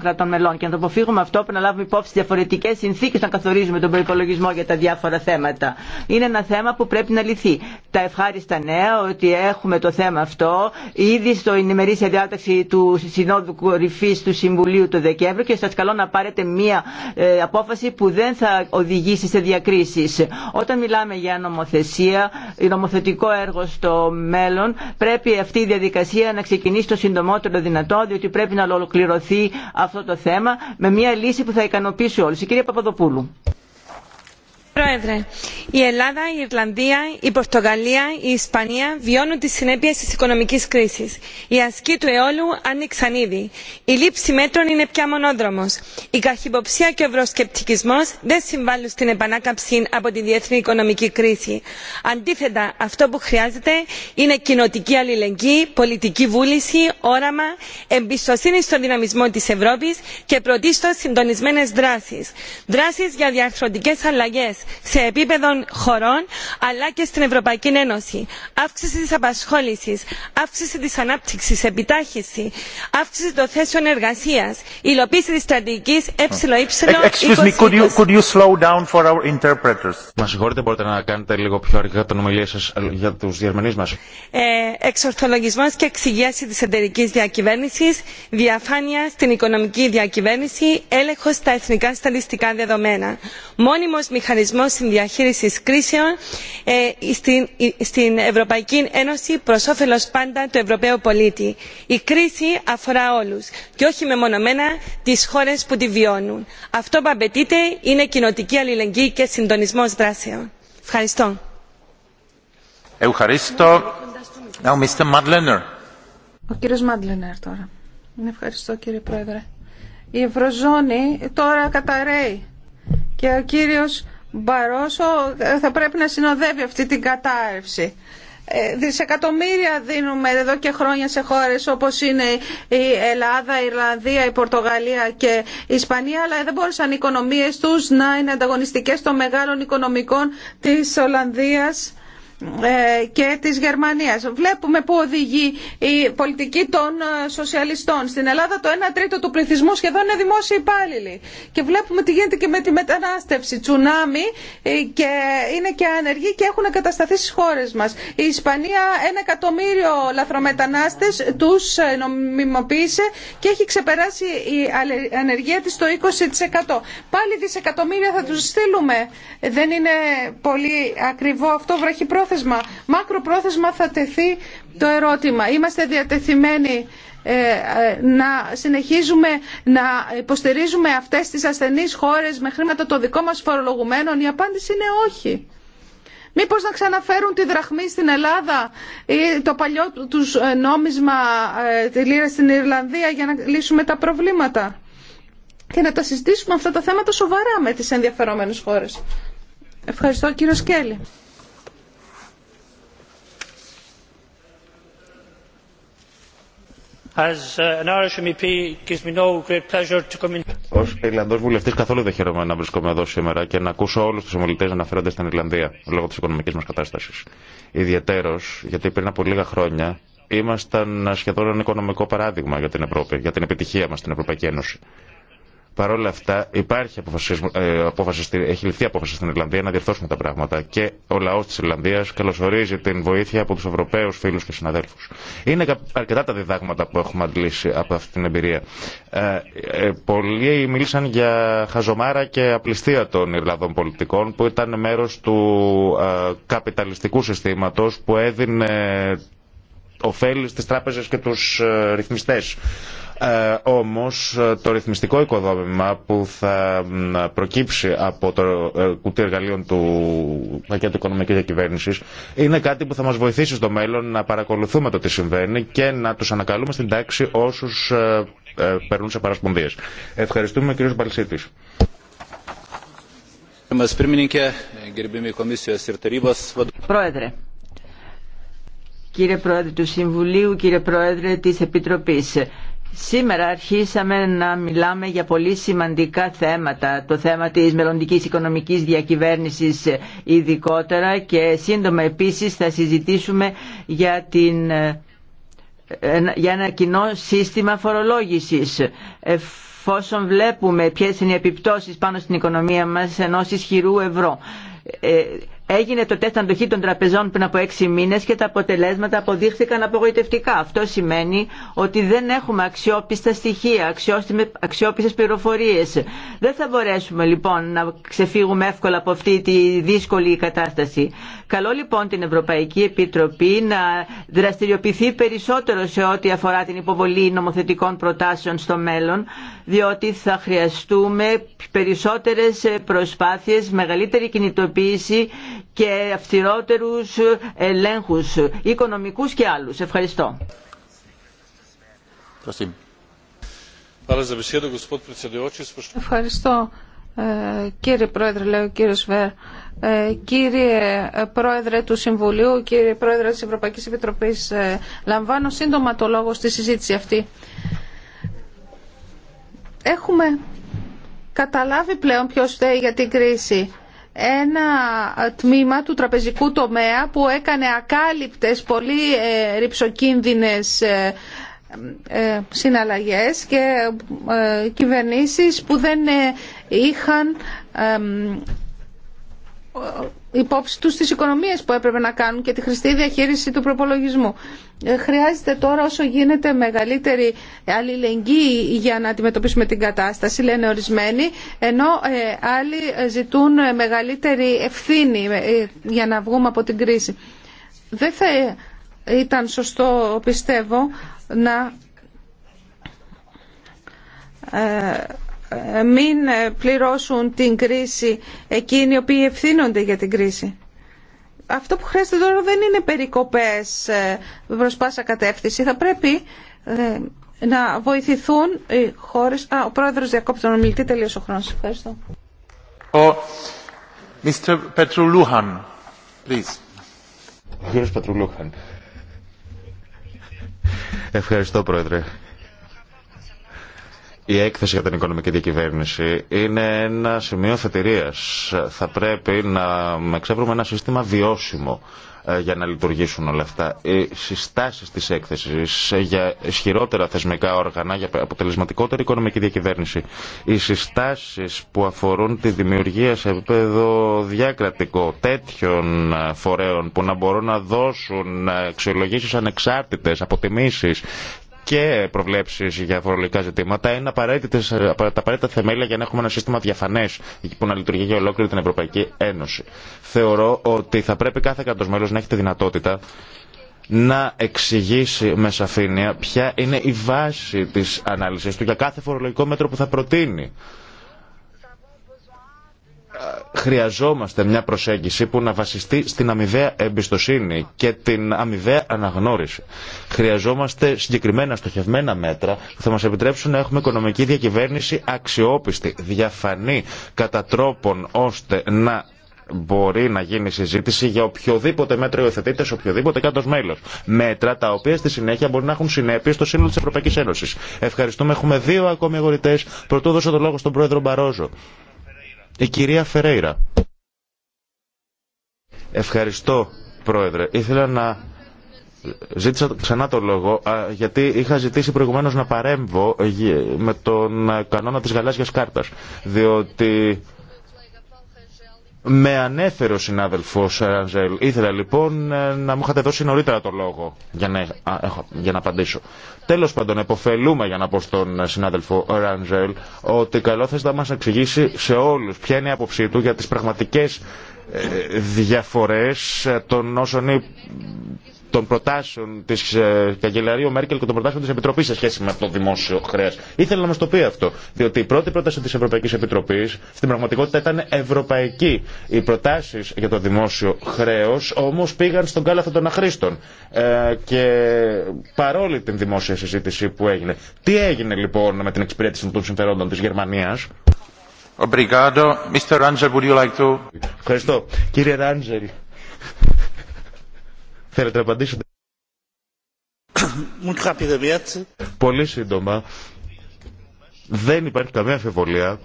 κρατών μελών και να το αποφύγουμε αυτό που να λάβουμε υπόψη διαφορετικέ συνθήκε να καθορίζουμε τον προπολογισμό για τα διάφορα θέματα. Είναι ένα θέμα που πρέπει να λυθεί. Τα ευχάριστα νέα ότι έχουμε το θέμα αυτό ήδη στο ενημερήσια διάταξη του Συνόδου Κορυφή του Συμβουλίου το Δεκέμβριο και σα καλώ να πάρετε μία ε, απόφαση που δεν θα οδηγήσει σε διακρίσει. Όταν μιλάμε για νομοθεσία, νομοθετικό έργο στο μέλλον, πρέπει αυτή η διαδικασία να ξεκινήσει το συντομότερο δυνατό, διότι πρέπει να ολοκληρωθεί αυτό το θέμα με μια λύση που θα ικανοποιήσει όλους. Η κυρία Παπαδοπούλου. Πρόεδρε, η Ελλάδα, η Ιρλανδία, η Πορτογαλία, η Ισπανία βιώνουν τι συνέπειε τη οικονομική κρίση. Η ασκή του αιώλου άνοιξαν ήδη. Η λήψη μέτρων είναι πια μονόδρομο. Η καχυποψία και ο ευρωσκεπτικισμό δεν συμβάλλουν στην επανάκαμψη από τη διεθνή οικονομική κρίση. Αντίθετα, αυτό που χρειάζεται είναι κοινοτική αλληλεγγύη, πολιτική βούληση, όραμα, εμπιστοσύνη στον δυναμισμό τη Ευρώπη και πρωτίστω συντονισμένε δράσει. Δράσει για διαρθρωτικέ αλλαγέ σε επίπεδο χωρών αλλά και στην ευρωπαϊκή ένωση αύξηση τη απασχόληση, αύξηση τη ανάπτυξη, επιτάχυνση αύξηση των θέσεων εργασία, υλοποίηση της στρατηγικής Ε, ε, ε, ε Εξορθολογισμό και εξηγίαση τη εταιρικής διακυβέρνηση, διαφάνεια στην οικονομική διακυβέρνηση έλεγχο στα εθνικά στατιστικά δεδομένα μόνιμος μηχανισμός μηχανισμό διαχείριση κρίσεων ε, ε, στην ευρωπαϊκή ένωση προ όφελο πάντα του ευρωπαίου πολίτη. η κρίση αφορά όλου και όχι μεμονωμένα τι χώρε που τη βιώνουν. αυτό που απαιτείται είναι κοινοτική αλληλεγγύη και συντονισμό δράσεων. ευχαριστώ. Ευχαριστώ. Now, Mr. Ο κύριος Μάντλενερ τώρα. Ευχαριστώ κύριε Πρόεδρε. Η Ευρωζώνη τώρα καταραίει και ο κύριος Μπαρόσο ε, θα πρέπει να συνοδεύει αυτή την κατάρρευση. Ε, δισεκατομμύρια δίνουμε εδώ και χρόνια σε χώρες όπως είναι η Ελλάδα, η Ιρλανδία, η Πορτογαλία και η Ισπανία αλλά δεν μπορούσαν οι οικονομίες τους να είναι ανταγωνιστικές των μεγάλων οικονομικών της Ολλανδίας ε, και της Γερμανίας. Βλέπουμε πού οδηγεί η πολιτική των ε, σοσιαλιστών. Στην Ελλάδα το 1 τρίτο του πληθυσμού σχεδόν είναι δημόσιοι υπάλληλοι. Και βλέπουμε τι γίνεται και με τη μετανάστευση, τσουνάμι ε, και είναι και άνεργοι και έχουν εγκατασταθεί στις χώρες μας. Η Ισπανία ένα εκατομμύριο λαθρομετανάστες τους νομιμοποίησε και έχει ξεπεράσει η ανεργία της το 20%. Πάλι δισεκατομμύρια θα τους στείλουμε. Δεν είναι πολύ ακριβό αυτό βραχυπρόθεσμα Μάκρο μακροπρόθεσμα θα τεθεί το ερώτημα. Είμαστε διατεθειμένοι ε, ε, να συνεχίζουμε να υποστηρίζουμε αυτές τις ασθενείς χώρες με χρήματα των δικών μας φορολογουμένων. Η απάντηση είναι όχι. Μήπως να ξαναφέρουν τη δραχμή στην Ελλάδα ή το παλιό τους ε, νόμισμα τη λίρα στην Ιρλανδία για να λύσουμε τα προβλήματα. Και να τα συζητήσουμε αυτά τα θέματα σοβαρά με τις ενδιαφερόμενες χώρες. Ευχαριστώ κύριο Σκέλη. Ω Ιρλανδό βουλευτή, καθόλου δεν χαίρομαι να βρίσκομαι εδώ σήμερα και να ακούσω όλου του ομιλητέ να αναφέρονται στην Ιρλανδία λόγω τη οικονομική μα κατάσταση. Ιδιαιτέρω, γιατί πριν από λίγα χρόνια ήμασταν σχεδόν ένα οικονομικό παράδειγμα για την Ευρώπη, για την επιτυχία μα στην Ευρωπαϊκή Ένωση. Παρ' όλα αυτά υπάρχει ε, έχει ληφθεί απόφαση στην Ιρλανδία να διορθώσουμε τα πράγματα και ο λαό τη Ιρλανδία καλωσορίζει την βοήθεια από του Ευρωπαίου φίλου και συναδέλφου. Είναι αρκετά τα διδάγματα που έχουμε αντλήσει από αυτή την εμπειρία. Ε, ε, πολλοί μίλησαν για χαζομάρα και απληστία των Ιρλανδών πολιτικών που ήταν μέρο του καπιταλιστικού συστήματο που έδινε ωφέλη στι τράπεζες και τους ρυθμιστέ. Ε, όμως ε, το ρυθμιστικό οικοδόμημα που θα προκύψει από το ε, κουτί εργαλείων του πακέτου οικονομικής διακυβέρνησης είναι κάτι που θα μας βοηθήσει στο μέλλον να παρακολουθούμε το τι συμβαίνει και να τους ανακαλούμε στην τάξη όσους περνούν σε παρασπονδίες. Ευχαριστούμε κύριος Μπαλσίτης. Πρόεδρε, κύριε Πρόεδρε του Συμβουλίου, κύριε Πρόεδρε της Επιτροπής, Σήμερα αρχίσαμε να μιλάμε για πολύ σημαντικά θέματα. Το θέμα της μελλοντική οικονομικής διακυβέρνησης ειδικότερα και σύντομα επίσης θα συζητήσουμε για, την, για ένα κοινό σύστημα φορολόγησης. Εφόσον βλέπουμε ποιες είναι οι επιπτώσεις πάνω στην οικονομία μας ενός ισχυρού ευρώ ε, Έγινε το τεστ αντοχή των τραπεζών πριν από έξι μήνες και τα αποτελέσματα αποδείχθηκαν απογοητευτικά. Αυτό σημαίνει ότι δεν έχουμε αξιόπιστα στοιχεία, αξιόπιστες πληροφορίε. Δεν θα μπορέσουμε λοιπόν να ξεφύγουμε εύκολα από αυτή τη δύσκολη κατάσταση. Καλό λοιπόν την Ευρωπαϊκή Επιτροπή να δραστηριοποιηθεί περισσότερο σε ό,τι αφορά την υποβολή νομοθετικών προτάσεων στο μέλλον, διότι θα χρειαστούμε περισσότερες προσπάθειες, μεγαλύτερη κινητοποίηση και αυστηρότερους ελέγχους οικονομικούς και άλλους. Ευχαριστώ. Ευχαριστώ ε, κύριε Πρόεδρε, λέει ο κύριος Βέρ. Ε, κύριε Πρόεδρε του Συμβουλίου, κύριε Πρόεδρε της Ευρωπαϊκής Επιτροπής, ε, λαμβάνω σύντομα το λόγο στη συζήτηση αυτή. Έχουμε καταλάβει πλέον ποιος φταίει για την κρίση. Ένα τμήμα του τραπεζικού τομέα που έκανε ακάλυπτες, πολύ ε, ρηψοκίνδυνες συναλλαγές και κυβερνήσεις που δεν είχαν ε, υπόψη τους τις οικονομίες που έπρεπε να κάνουν και τη χρηστή διαχείριση του προπολογισμού. Ε, χρειάζεται τώρα όσο γίνεται μεγαλύτερη αλληλεγγύη για να αντιμετωπίσουμε την κατάσταση, λένε ορισμένοι, ενώ ε, άλλοι ζητούν μεγαλύτερη ευθύνη για να βγούμε από την κρίση. Δεν θα ήταν σωστό, πιστεύω, να μην πληρώσουν την κρίση εκείνοι οι οποίοι ευθύνονται για την κρίση. Αυτό που χρειάζεται τώρα δεν είναι περικοπές ε, προς πάσα κατεύθυνση. Θα πρέπει ε, να βοηθηθούν οι χώρες... Α, ο πρόεδρος διακόπτει τον ομιλητή, τελείωσε ο χρόνος. Ευχαριστώ. Ο Πετρουλούχαν. Ευχαριστώ, πρόεδρε. Η έκθεση για την οικονομική διακυβέρνηση είναι ένα σημείο θετηρίας. Θα πρέπει να εξεύρουμε ένα σύστημα βιώσιμο ε, για να λειτουργήσουν όλα αυτά. Οι συστάσεις της έκθεσης ε, για ισχυρότερα θεσμικά όργανα, για αποτελεσματικότερη οικονομική διακυβέρνηση, οι συστάσεις που αφορούν τη δημιουργία σε επίπεδο διακρατικό τέτοιων ε, φορέων που να μπορούν να δώσουν αξιολογήσεις ανεξάρτητες, αποτιμήσεις και προβλέψει για φορολογικά ζητήματα είναι τα απαραίτητα θεμέλια για να έχουμε ένα σύστημα διαφανέ που να λειτουργεί για ολόκληρη την Ευρωπαϊκή Ένωση. Θεωρώ ότι θα πρέπει κάθε κράτο μέλο να έχει τη δυνατότητα να εξηγήσει με σαφήνεια ποια είναι η βάση της ανάλυσης του για κάθε φορολογικό μέτρο που θα προτείνει χρειαζόμαστε μια προσέγγιση που να βασιστεί στην αμοιβαία εμπιστοσύνη και την αμοιβαία αναγνώριση. Χρειαζόμαστε συγκεκριμένα στοχευμένα μέτρα που θα μας επιτρέψουν να έχουμε οικονομική διακυβέρνηση αξιόπιστη, διαφανή, κατά τρόπον ώστε να μπορεί να γίνει συζήτηση για οποιοδήποτε μέτρο υιοθετείται σε οποιοδήποτε κάτω μέλο. Μέτρα τα οποία στη συνέχεια μπορεί να έχουν συνέπειε στο σύνολο τη Ευρωπαϊκή Ένωση. Ευχαριστούμε. Έχουμε δύο ακόμη αγορητέ. Πρωτού δώσω το λόγο στον πρόεδρο Μπαρόζο. Η κυρία Φερέιρα. Ευχαριστώ, Πρόεδρε. Ήθελα να Ζήτησα ξανά το λόγο γιατί είχα ζητήσει προηγουμένως να παρέμβω ε, με τον ε, κανόνα της γαλάζιας κάρτας. Διότι με ανέφερε ο συνάδελφο Ραντζέλ. Ε, ήθελα λοιπόν ε, να μου είχατε δώσει νωρίτερα το λόγο για να, για να απαντήσω. Τέλο πάντων, εποφελούμε για να πω στον συνάδελφο Ραντζέλ ότι καλό θα να μα εξηγήσει σε όλου ποια είναι η άποψή του για τι πραγματικέ ε, διαφορές των όσων των προτάσεων τη ε, καγκελαρίου Μέρκελ και των προτάσεων τη Επιτροπή σε σχέση με το δημόσιο χρέο. Ήθελα να μα το πει αυτό. Διότι η πρώτη πρόταση τη Ευρωπαϊκή Επιτροπή στην πραγματικότητα ήταν ευρωπαϊκή. Οι προτάσει για το δημόσιο χρέο όμω πήγαν στον κάλαθο των αχρήστων. Ε, και παρόλη την δημόσια συζήτηση που έγινε. Τι έγινε λοιπόν με την εξυπηρέτηση των συμφερόντων τη Γερμανία. Obrigado. Ευχαριστώ. Κύριε Ράντζελ, Θέλετε να απαντήσετε. Πολύ σύντομα. Δεν υπάρχει καμία αμφιβολία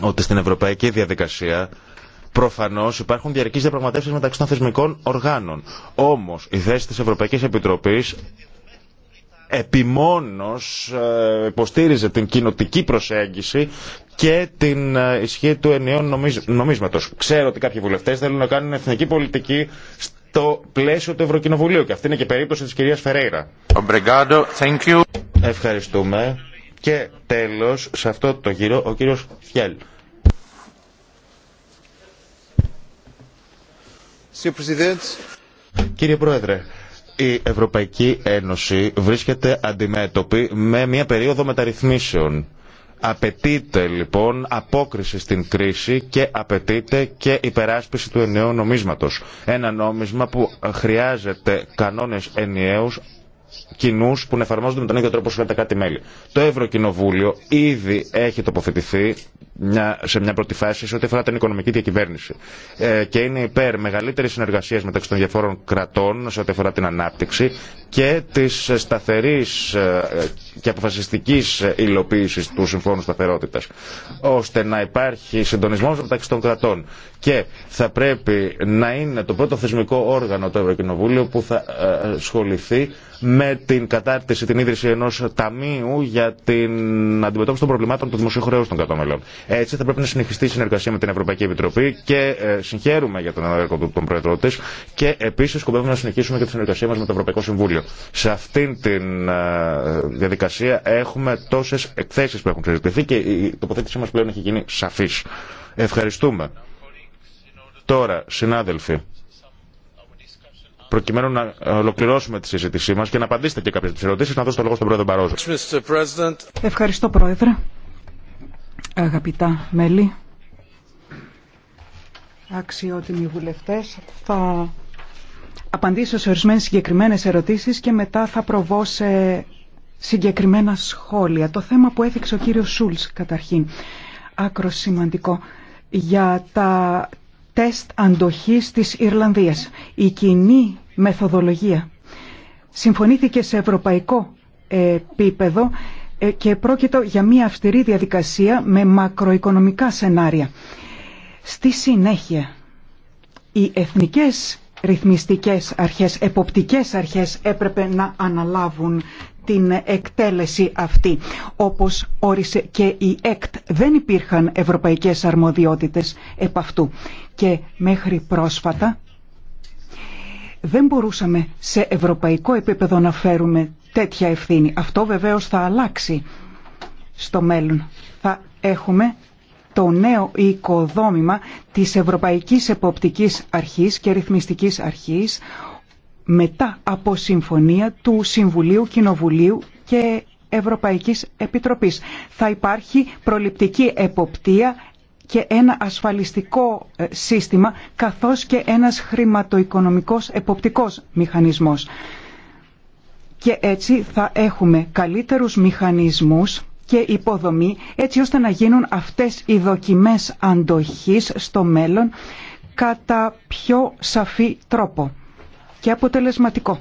ότι στην ευρωπαϊκή διαδικασία Προφανώ υπάρχουν διαρκεί διαπραγματεύσει μεταξύ των θεσμικών οργάνων. Όμω η θέση τη Ευρωπαϊκή Επιτροπή επιμόνως ε, υποστήριζε την κοινοτική προσέγγιση και την ε, ισχύ του ενιαίου νομίσματος. Ξέρω ότι κάποιοι βουλευτές θέλουν να κάνουν εθνική πολιτική στο πλαίσιο του Ευρωκοινοβουλίου και αυτή είναι και περίπτωση της κυρίας Φερέιρα. Thank you. Ευχαριστούμε. Και τέλος, σε αυτό το γύρο, ο κύριος Φιέλ. Κύριε Πρόεδρε, η Ευρωπαϊκή Ένωση βρίσκεται αντιμέτωπη με μια περίοδο μεταρρυθμίσεων Απαιτείται λοιπόν απόκριση στην κρίση και απαιτείται και υπεράσπιση του ενιαίου νομίσματος. Ένα νόμισμα που χρειάζεται κανόνες ενιαίους κοινού που να εφαρμόζονται με τον ίδιο τρόπο σε όλα τα μέλη. Το Ευρωκοινοβούλιο ήδη έχει τοποθετηθεί μια, σε μια πρώτη φάση σε ό,τι αφορά την οικονομική διακυβέρνηση. Ε, και είναι υπέρ μεγαλύτερη συνεργασία μεταξύ των διαφόρων κρατών σε ό,τι αφορά την ανάπτυξη και τη σταθερή ε, και αποφασιστική υλοποίηση του Συμφώνου Σταθερότητα. ώστε να υπάρχει συντονισμό μεταξύ των κρατών. Και θα πρέπει να είναι το πρώτο θεσμικό όργανο το Ευρωκοινοβούλιο που θα ε, ασχοληθεί με την κατάρτιση, την ίδρυση ενό ταμείου για την αντιμετώπιση των προβλημάτων του δημοσίου χρέου των κρατών έτσι θα πρέπει να συνεχιστεί η συνεργασία με την Ευρωπαϊκή Επιτροπή και ε, συγχαίρουμε για τον έργο του τον Πρόεδρό τη και επίση σκοπεύουμε να συνεχίσουμε και τη συνεργασία μα με το Ευρωπαϊκό Συμβούλιο. Σε αυτήν την ε, διαδικασία έχουμε τόσε εκθέσει που έχουν συζητηθεί και η τοποθέτησή μα πλέον έχει γίνει σαφή. Ευχαριστούμε. Τώρα, συνάδελφοι, προκειμένου να ολοκληρώσουμε τη συζήτησή μα και να απαντήσετε και κάποιε ερωτήσει, να δώσω το λόγο στον πρόεδρο Μπαρόζο. Ευχαριστώ, πρόεδρε. Αγαπητά μέλη, αξιότιμοι βουλευτές, θα απαντήσω σε ορισμένες συγκεκριμένες ερωτήσεις και μετά θα προβώ σε συγκεκριμένα σχόλια. Το θέμα που έθιξε ο κύριος Σούλς καταρχήν, άκρο σημαντικό, για τα τεστ αντοχής της Ιρλανδίας. Η κοινή μεθοδολογία συμφωνήθηκε σε ευρωπαϊκό επίπεδο ε, και πρόκειται για μια αυστηρή διαδικασία με μακροοικονομικά σενάρια. Στη συνέχεια, οι εθνικές ρυθμιστικές αρχές, εποπτικές αρχές έπρεπε να αναλάβουν την εκτέλεση αυτή. Όπως όρισε και η ΕΚΤ, δεν υπήρχαν ευρωπαϊκές αρμοδιότητες επ' αυτού. Και μέχρι πρόσφατα δεν μπορούσαμε σε ευρωπαϊκό επίπεδο να φέρουμε τέτοια ευθύνη. Αυτό βεβαίως θα αλλάξει στο μέλλον. Θα έχουμε το νέο οικοδόμημα της Ευρωπαϊκής Εποπτικής Αρχής και Ρυθμιστικής Αρχής μετά από συμφωνία του Συμβουλίου, Κοινοβουλίου και Ευρωπαϊκής Επιτροπής. Θα υπάρχει προληπτική εποπτεία και ένα ασφαλιστικό ε, σύστημα καθώς και ένας χρηματοοικονομικός εποπτικός μηχανισμός. Και έτσι θα έχουμε καλύτερους μηχανισμούς και υποδομή έτσι ώστε να γίνουν αυτές οι δοκιμές αντοχής στο μέλλον κατά πιο σαφή τρόπο και αποτελεσματικό.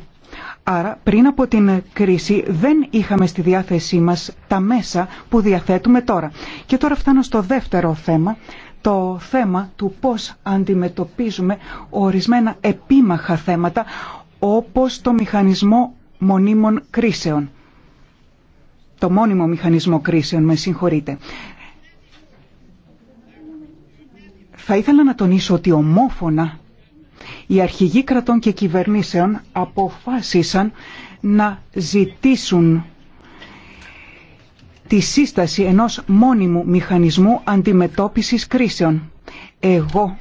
Άρα πριν από την κρίση δεν είχαμε στη διάθεσή μας τα μέσα που διαθέτουμε τώρα. Και τώρα φτάνω στο δεύτερο θέμα, το θέμα του πώς αντιμετωπίζουμε ορισμένα επίμαχα θέματα όπως το μηχανισμό μονίμων κρίσεων. Το μόνιμο μηχανισμό κρίσεων, με συγχωρείτε. Θα ήθελα να τονίσω ότι ομόφωνα οι αρχηγοί κρατών και κυβερνήσεων αποφάσισαν να ζητήσουν τη σύσταση ενός μόνιμου μηχανισμού αντιμετώπισης κρίσεων. Εγώ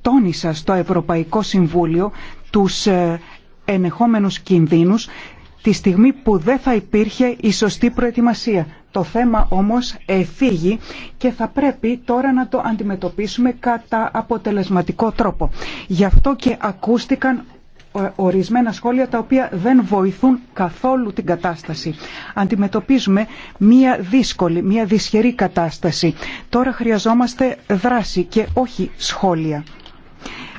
τόνισα στο Ευρωπαϊκό Συμβούλιο τους ε, ενεχόμενους κινδύνους τη στιγμή που δεν θα υπήρχε η σωστή προετοιμασία. Το θέμα όμως εφήγει και θα πρέπει τώρα να το αντιμετωπίσουμε κατά αποτελεσματικό τρόπο. Γι' αυτό και ακούστηκαν ε, ορισμένα σχόλια τα οποία δεν βοηθούν καθόλου την κατάσταση. Αντιμετωπίζουμε μία δύσκολη, μία δυσχερή κατάσταση. Τώρα χρειαζόμαστε δράση και όχι σχόλια.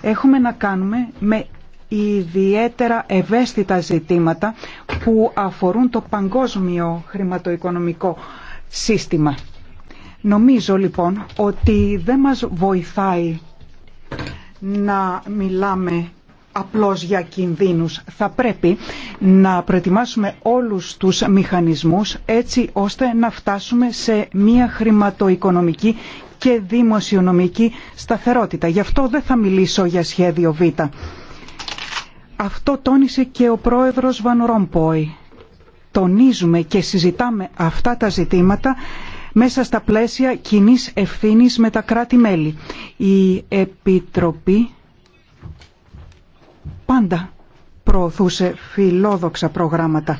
Έχουμε να κάνουμε με ιδιαίτερα ευαίσθητα ζητήματα που αφορούν το παγκόσμιο χρηματοοικονομικό σύστημα. Νομίζω λοιπόν ότι δεν μας βοηθάει να μιλάμε απλώς για κινδύνους. Θα πρέπει να προετοιμάσουμε όλους τους μηχανισμούς έτσι ώστε να φτάσουμε σε μια χρηματοοικονομική και δημοσιονομική σταθερότητα. Γι' αυτό δεν θα μιλήσω για σχέδιο Β αυτό τόνισε και ο πρόεδρος Βαν Ρόμποϊ. Τονίζουμε και συζητάμε αυτά τα ζητήματα μέσα στα πλαίσια κοινή ευθύνη με τα κράτη-μέλη. Η Επιτροπή πάντα προωθούσε φιλόδοξα προγράμματα.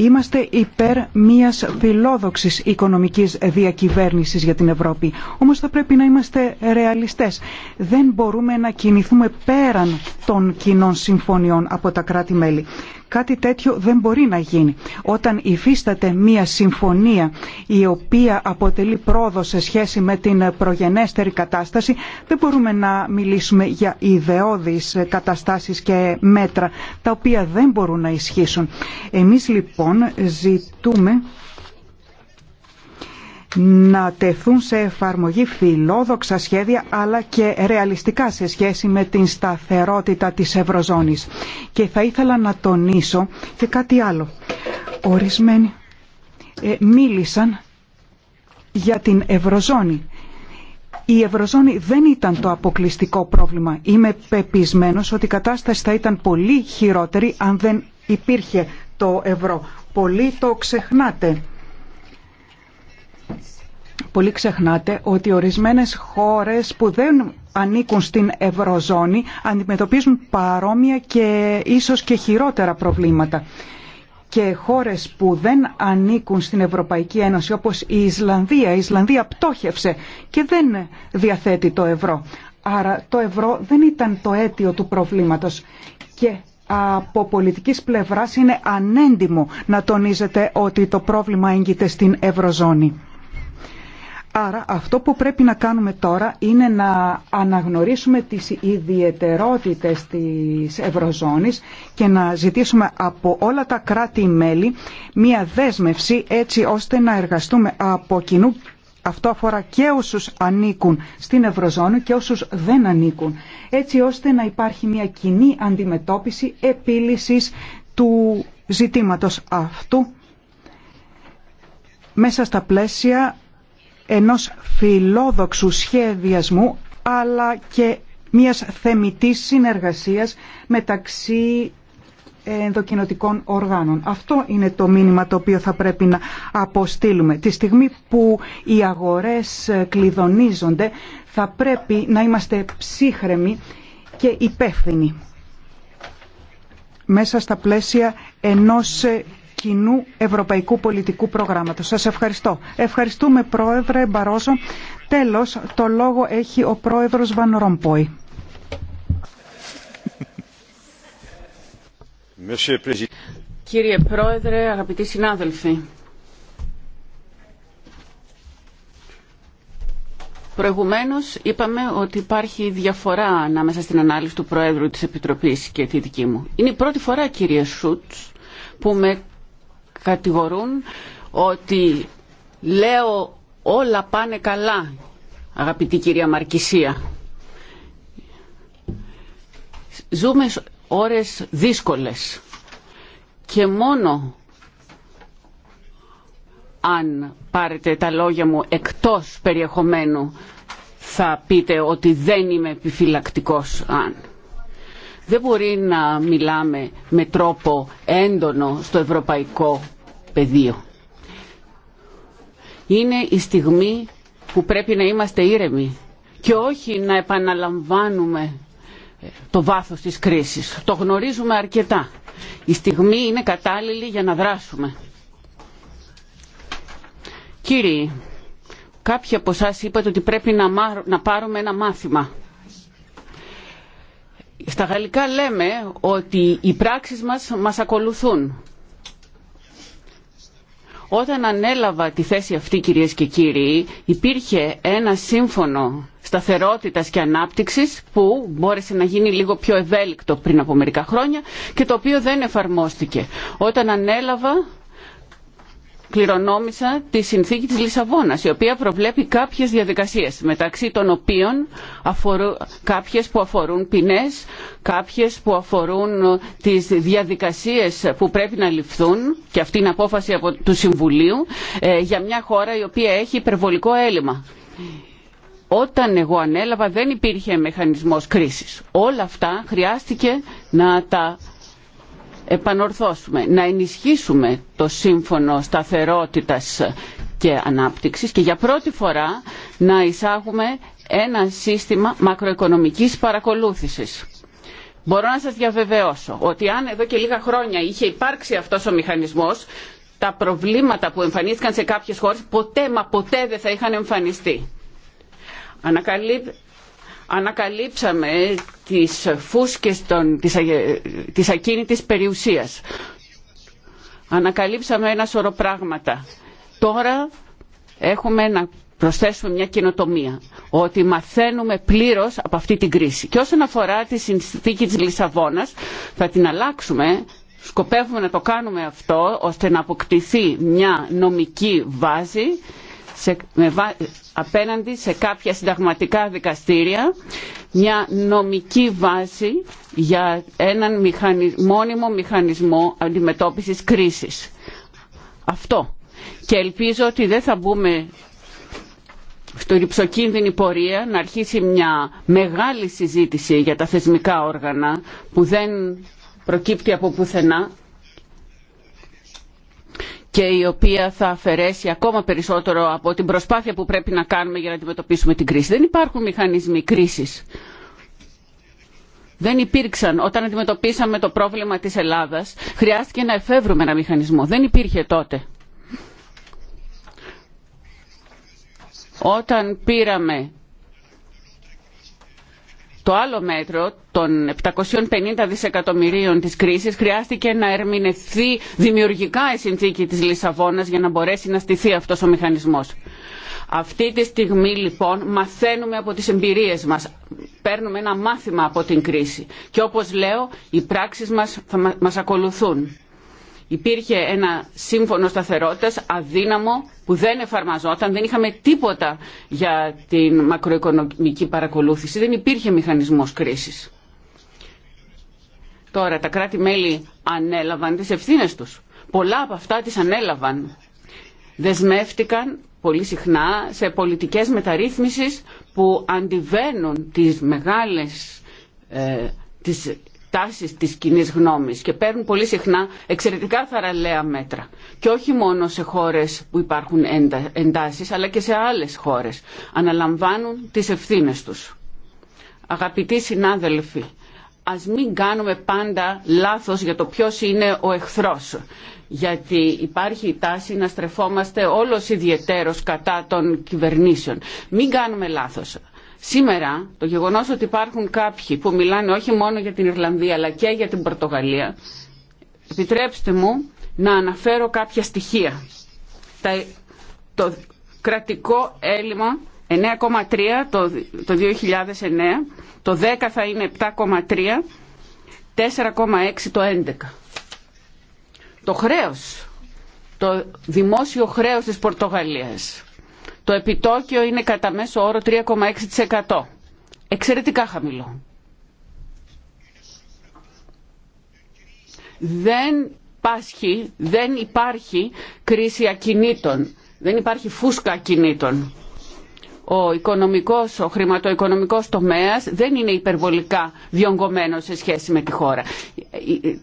Είμαστε υπέρ μιας φιλόδοξης οικονομικής διακυβέρνησης για την Ευρώπη. Όμως θα πρέπει να είμαστε ρεαλιστές. Δεν μπορούμε να κινηθούμε πέραν των κοινών συμφωνιών από τα κράτη-μέλη. Κάτι τέτοιο δεν μπορεί να γίνει. Όταν υφίσταται μία συμφωνία η οποία αποτελεί πρόοδο σε σχέση με την προγενέστερη κατάσταση, δεν μπορούμε να μιλήσουμε για ιδεώδεις καταστάσεις και μέτρα τα οποία δεν μπορούν να ισχύσουν. Εμείς λοιπόν ζητούμε να τεθούν σε εφαρμογή φιλόδοξα σχέδια αλλά και ρεαλιστικά σε σχέση με την σταθερότητα της Ευρωζώνης. Και θα ήθελα να τονίσω και κάτι άλλο. Ορισμένοι ε, μίλησαν για την Ευρωζώνη. Η Ευρωζώνη δεν ήταν το αποκλειστικό πρόβλημα. Είμαι πεπισμένος ότι η κατάσταση θα ήταν πολύ χειρότερη αν δεν υπήρχε το ευρώ. Πολύ το ξεχνάτε πολύ ξεχνάτε ότι ορισμένες χώρες που δεν ανήκουν στην Ευρωζώνη αντιμετωπίζουν παρόμοια και ίσως και χειρότερα προβλήματα. Και χώρες που δεν ανήκουν στην Ευρωπαϊκή Ένωση όπως η Ισλανδία, η Ισλανδία πτώχευσε και δεν διαθέτει το ευρώ. Άρα το ευρώ δεν ήταν το αίτιο του προβλήματος και από πολιτικής πλευράς είναι ανέντιμο να τονίζετε ότι το πρόβλημα έγκυται στην Ευρωζώνη. Άρα αυτό που πρέπει να κάνουμε τώρα είναι να αναγνωρίσουμε τις ιδιαιτερότητες της Ευρωζώνης και να ζητήσουμε από όλα τα κράτη-μέλη μία δέσμευση έτσι ώστε να εργαστούμε από κοινού. Αυτό αφορά και όσους ανήκουν στην Ευρωζώνη και όσους δεν ανήκουν. Έτσι ώστε να υπάρχει μία κοινή αντιμετώπιση επίλυσης του ζητήματος αυτού μέσα στα πλαίσια ενός φιλόδοξου σχεδιασμού αλλά και μιας θεμητής συνεργασίας μεταξύ ενδοκινοτικών οργάνων. Αυτό είναι το μήνυμα το οποίο θα πρέπει να αποστείλουμε. Τη στιγμή που οι αγορές κλειδονίζονται θα πρέπει να είμαστε ψύχρεμοι και υπεύθυνοι μέσα στα πλαίσια ενός κοινού ευρωπαϊκού πολιτικού προγράμματος. Σας ευχαριστώ. Ευχαριστούμε Πρόεδρε Μπαρόζο. Τέλος, το λόγο έχει ο Πρόεδρος Βαν Ρομπόη. Κύριε Πρόεδρε, αγαπητοί συνάδελφοι, Προηγουμένως είπαμε ότι υπάρχει διαφορά ανάμεσα στην ανάλυση του Προέδρου της Επιτροπής και τη δική μου. Είναι η πρώτη φορά κύριε Σούτς που με κατηγορούν ότι λέω όλα πάνε καλά, αγαπητή κυρία Μαρκησία. Ζούμε ώρες δύσκολες και μόνο αν πάρετε τα λόγια μου εκτός περιεχομένου θα πείτε ότι δεν είμαι επιφυλακτικός αν. Δεν μπορεί να μιλάμε με τρόπο έντονο στο ευρωπαϊκό πεδίο. Είναι η στιγμή που πρέπει να είμαστε ήρεμοι και όχι να επαναλαμβάνουμε το βάθος της κρίσης. Το γνωρίζουμε αρκετά. Η στιγμή είναι κατάλληλη για να δράσουμε. Κύριοι, κάποιοι από εσά είπατε ότι πρέπει να πάρουμε ένα μάθημα. Στα γαλλικά λέμε ότι οι πράξεις μας μας ακολουθούν. Όταν ανέλαβα τη θέση αυτή κυρίες και κύριοι υπήρχε ένα σύμφωνο σταθερότητας και ανάπτυξης που μπόρεσε να γίνει λίγο πιο ευέλικτο πριν από μερικά χρόνια και το οποίο δεν εφαρμόστηκε. Όταν ανέλαβα κληρονόμησα τη συνθήκη της Λισαβόνας, η οποία προβλέπει κάποιες διαδικασίες, μεταξύ των οποίων αφορούν, κάποιες που αφορούν ποινές, κάποιες που αφορούν ε, τις διαδικασίες που πρέπει να ληφθούν, και αυτή είναι απόφαση από, του Συμβουλίου, ε, για μια χώρα η οποία έχει υπερβολικό έλλειμμα. Όταν εγώ ανέλαβα δεν υπήρχε μηχανισμός κρίσης. Όλα αυτά χρειάστηκε να τα επανορθώσουμε, να ενισχύσουμε το σύμφωνο σταθερότητας και ανάπτυξης και για πρώτη φορά να εισάγουμε ένα σύστημα μακροοικονομικής παρακολούθησης. Μπορώ να σας διαβεβαιώσω ότι αν εδώ και λίγα χρόνια είχε υπάρξει αυτός ο μηχανισμός, τα προβλήματα που εμφανίστηκαν σε κάποιες χώρες ποτέ μα ποτέ δεν θα είχαν εμφανιστεί. Ανακαλύπ, ανακαλύψαμε τις φούσκες των, της, της ακίνητης περιουσίας. Ανακαλύψαμε ένα σωρό πράγματα. Τώρα έχουμε να προσθέσουμε μια κοινοτομία. ότι μαθαίνουμε πλήρως από αυτή την κρίση. Και όσον αφορά τη συνθήκη της Λισαβόνας θα την αλλάξουμε σκοπεύουμε να το κάνουμε αυτό ώστε να αποκτηθεί μια νομική βάση απέναντι σε κάποια συνταγματικά δικαστήρια μια νομική βάση για έναν μηχανισ, μόνιμο μηχανισμό αντιμετώπισης κρίσης. Αυτό. Και ελπίζω ότι δεν θα μπούμε στο ρηψοκίνδυνη πορεία να αρχίσει μια μεγάλη συζήτηση για τα θεσμικά όργανα που δεν προκύπτει από πουθενά και η οποία θα αφαιρέσει ακόμα περισσότερο από την προσπάθεια που πρέπει να κάνουμε για να αντιμετωπίσουμε την κρίση. Δεν υπάρχουν μηχανισμοί κρίσης. Δεν υπήρξαν. Όταν αντιμετωπίσαμε το πρόβλημα της Ελλάδας, χρειάστηκε να εφεύρουμε ένα μηχανισμό. Δεν υπήρχε τότε. Όταν πήραμε το άλλο μέτρο των 750 δισεκατομμυρίων της κρίσης χρειάστηκε να ερμηνευθεί δημιουργικά η συνθήκη της Λισαβόνας για να μπορέσει να στηθεί αυτός ο μηχανισμός. Αυτή τη στιγμή λοιπόν μαθαίνουμε από τις εμπειρίες μας, παίρνουμε ένα μάθημα από την κρίση και όπως λέω οι πράξεις μας θα μας ακολουθούν υπήρχε ένα σύμφωνο σταθερότητας αδύναμο που δεν εφαρμαζόταν, δεν είχαμε τίποτα για την μακροοικονομική παρακολούθηση, δεν υπήρχε μηχανισμός κρίσης. Τώρα τα κράτη-μέλη ανέλαβαν τις ευθύνες τους. Πολλά από αυτά τις ανέλαβαν. Δεσμεύτηκαν πολύ συχνά σε πολιτικές μεταρρύθμισεις που αντιβαίνουν τις μεγάλες, ε, τάσεις της κοινή γνώμης και παίρνουν πολύ συχνά εξαιρετικά θαραλέα μέτρα. Και όχι μόνο σε χώρες που υπάρχουν εντάσεις, αλλά και σε άλλες χώρες. Αναλαμβάνουν τις ευθύνες τους. Αγαπητοί συνάδελφοι, ας μην κάνουμε πάντα λάθος για το ποιος είναι ο εχθρός. Γιατί υπάρχει η τάση να στρεφόμαστε όλος ιδιαιτέρως κατά των κυβερνήσεων. Μην κάνουμε λάθος. Σήμερα το γεγονός ότι υπάρχουν κάποιοι που μιλάνε όχι μόνο για την Ιρλανδία αλλά και για την Πορτογαλία, επιτρέψτε μου να αναφέρω κάποια στοιχεία. Το κρατικό έλλειμμα 9,3 το 2009, το 10 θα είναι 7,3, 4,6 το 11. Το χρέος, το δημόσιο χρέος της Πορτογαλίας το επιτόκιο είναι κατά μέσο όρο 3,6%. Εξαιρετικά χαμηλό. Δεν πάσχει, δεν υπάρχει κρίση ακινήτων, δεν υπάρχει φούσκα ακινήτων. Ο, οικονομικός, ο χρηματοοικονομικός τομέας δεν είναι υπερβολικά διονγκωμένος σε σχέση με τη χώρα.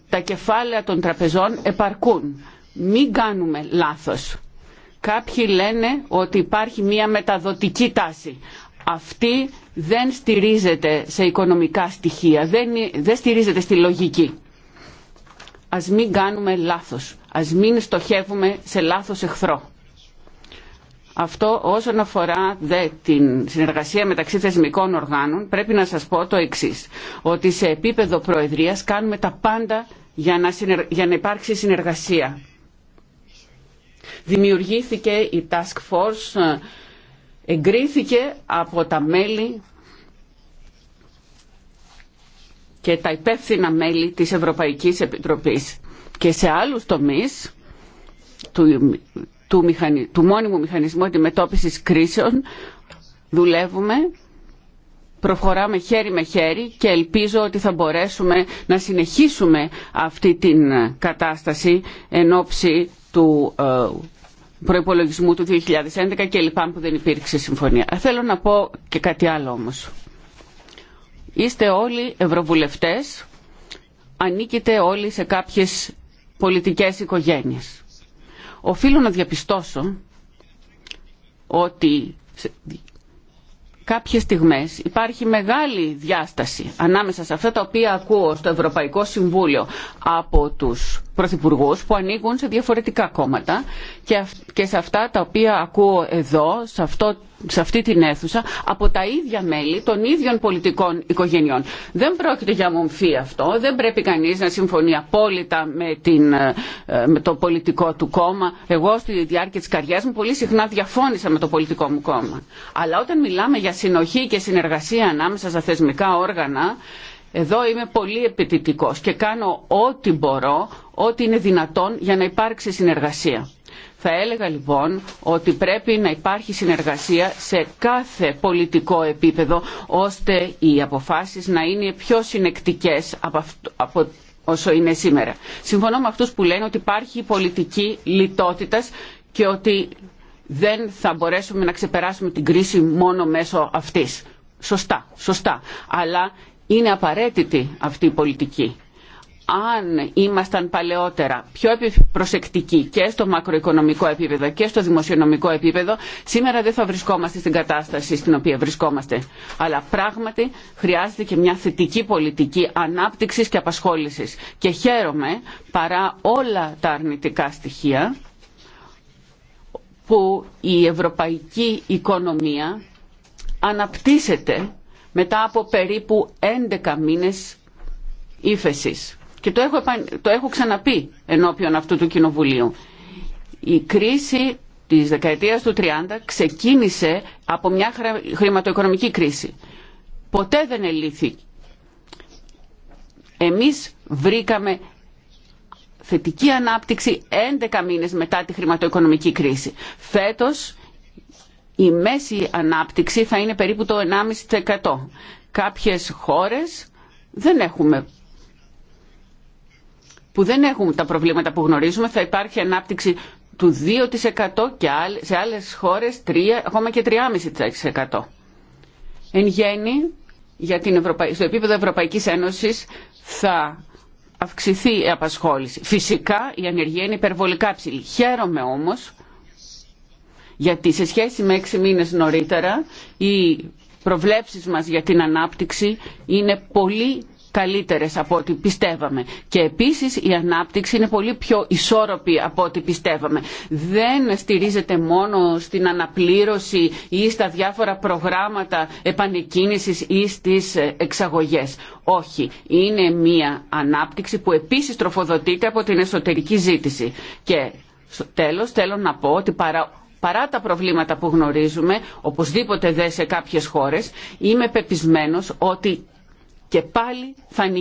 Τα κεφάλαια των τραπεζών επαρκούν. Μην κάνουμε λάθος. Κάποιοι λένε ότι υπάρχει μια μεταδοτική τάση. Αυτή δεν στηρίζεται σε οικονομικά στοιχεία, δεν, δεν στηρίζεται στη λογική. Ας μην κάνουμε λάθος, ας μην στοχεύουμε σε λάθος εχθρό. Αυτό όσον αφορά δε, την συνεργασία μεταξύ θεσμικών οργάνων πρέπει να σας πω το εξής. Ότι σε επίπεδο προεδρίας κάνουμε τα πάντα για να, για να υπάρξει συνεργασία Δημιουργήθηκε η Task Force, ε, εγκρίθηκε από τα μέλη και τα υπεύθυνα μέλη της Ευρωπαϊκής Επιτροπής και σε άλλους τομείς του, του, μόνιμου μηχανισμού αντιμετώπισης κρίσεων δουλεύουμε, προχωράμε χέρι με χέρι και ελπίζω ότι θα μπορέσουμε να συνεχίσουμε αυτή την κατάσταση εν ώψη του ε, προϋπολογισμού του 2011 και λοιπά που δεν υπήρξε συμφωνία. Θέλω να πω και κάτι άλλο όμως. Είστε όλοι ευρωβουλευτές, ανήκετε όλοι σε κάποιες πολιτικές οικογένειες. Οφείλω να διαπιστώσω ότι κάποιες στιγμές υπάρχει μεγάλη διάσταση ανάμεσα σε αυτά τα οποία ακούω στο Ευρωπαϊκό Συμβούλιο από τους πρωθυπουργούς που ανήκουν σε διαφορετικά κόμματα και σε αυτά τα οποία ακούω εδώ, σε αυτό σε αυτή την αίθουσα από τα ίδια μέλη των ίδιων πολιτικών οικογενειών. Δεν πρόκειται για μομφή αυτό, δεν πρέπει κανείς να συμφωνεί απόλυτα με, την, ε, το πολιτικό του κόμμα. Εγώ στη διάρκεια της καριέρας μου πολύ συχνά διαφώνησα με το πολιτικό μου κόμμα. Αλλά όταν μιλάμε για συνοχή και συνεργασία ανάμεσα στα θεσμικά όργανα, εδώ είμαι πολύ επιτητικός και κάνω ό,τι μπορώ, ό,τι είναι δυνατόν για να υπάρξει συνεργασία. Θα έλεγα λοιπόν ότι πρέπει να υπάρχει συνεργασία σε κάθε πολιτικό επίπεδο ώστε οι αποφάσεις να είναι πιο συνεκτικές από, όσο είναι σήμερα. Συμφωνώ με αυτούς που λένε ότι υπάρχει πολιτική λιτότητας και ότι δεν θα μπορέσουμε να ξεπεράσουμε την κρίση μόνο μέσω αυτής. Σωστά, σωστά. Αλλά είναι απαραίτητη αυτή η πολιτική αν ήμασταν παλαιότερα πιο προσεκτικοί και στο μακροοικονομικό επίπεδο και στο δημοσιονομικό επίπεδο, σήμερα δεν θα βρισκόμαστε στην κατάσταση στην οποία βρισκόμαστε. Αλλά πράγματι χρειάζεται και μια θετική πολιτική ανάπτυξης και απασχόλησης. Και χαίρομαι παρά όλα τα αρνητικά στοιχεία που η ευρωπαϊκή οικονομία αναπτύσσεται μετά από περίπου 11 μήνες ύφεσης και το έχω, το έχω ξαναπεί ενώπιον αυτού του Κοινοβουλίου. Η κρίση της δεκαετίας του 30 ξεκίνησε από μια χρηματοοικονομική κρίση. Ποτέ δεν ελήφθη. Εμείς βρήκαμε θετική ανάπτυξη 11 μήνες μετά τη χρηματοοικονομική κρίση. Φέτος η μέση ανάπτυξη θα είναι περίπου το 1,5%. Κάποιες χώρες δεν έχουμε που δεν έχουν τα προβλήματα που γνωρίζουμε, θα υπάρχει ανάπτυξη του 2% και σε άλλες χώρες 3, ακόμα και 3,5%. Εν γέννη, για την στο επίπεδο Ευρωπαϊκής Ένωσης θα αυξηθεί η απασχόληση. Φυσικά η ανεργία είναι υπερβολικά ψηλή. Χαίρομαι όμως γιατί σε σχέση με έξι μήνες νωρίτερα οι προβλέψεις μας για την ανάπτυξη είναι πολύ καλύτερες από ό,τι πιστεύαμε. Και επίσης η ανάπτυξη είναι πολύ πιο ισόρροπη από ό,τι πιστεύαμε. Δεν στηρίζεται μόνο στην αναπλήρωση ή στα διάφορα προγράμματα επανεκκίνησης ή στις εξαγωγές. Όχι. Είναι μια ανάπτυξη που επίσης τροφοδοτείται από την εσωτερική ζήτηση. Και στο τέλος θέλω να πω ότι παρά τα προβλήματα που γνωρίζουμε, οπωσδήποτε δε σε κάποιες χώρες, είμαι πεπισμένος ότι και πάλι θα νικήσουμε.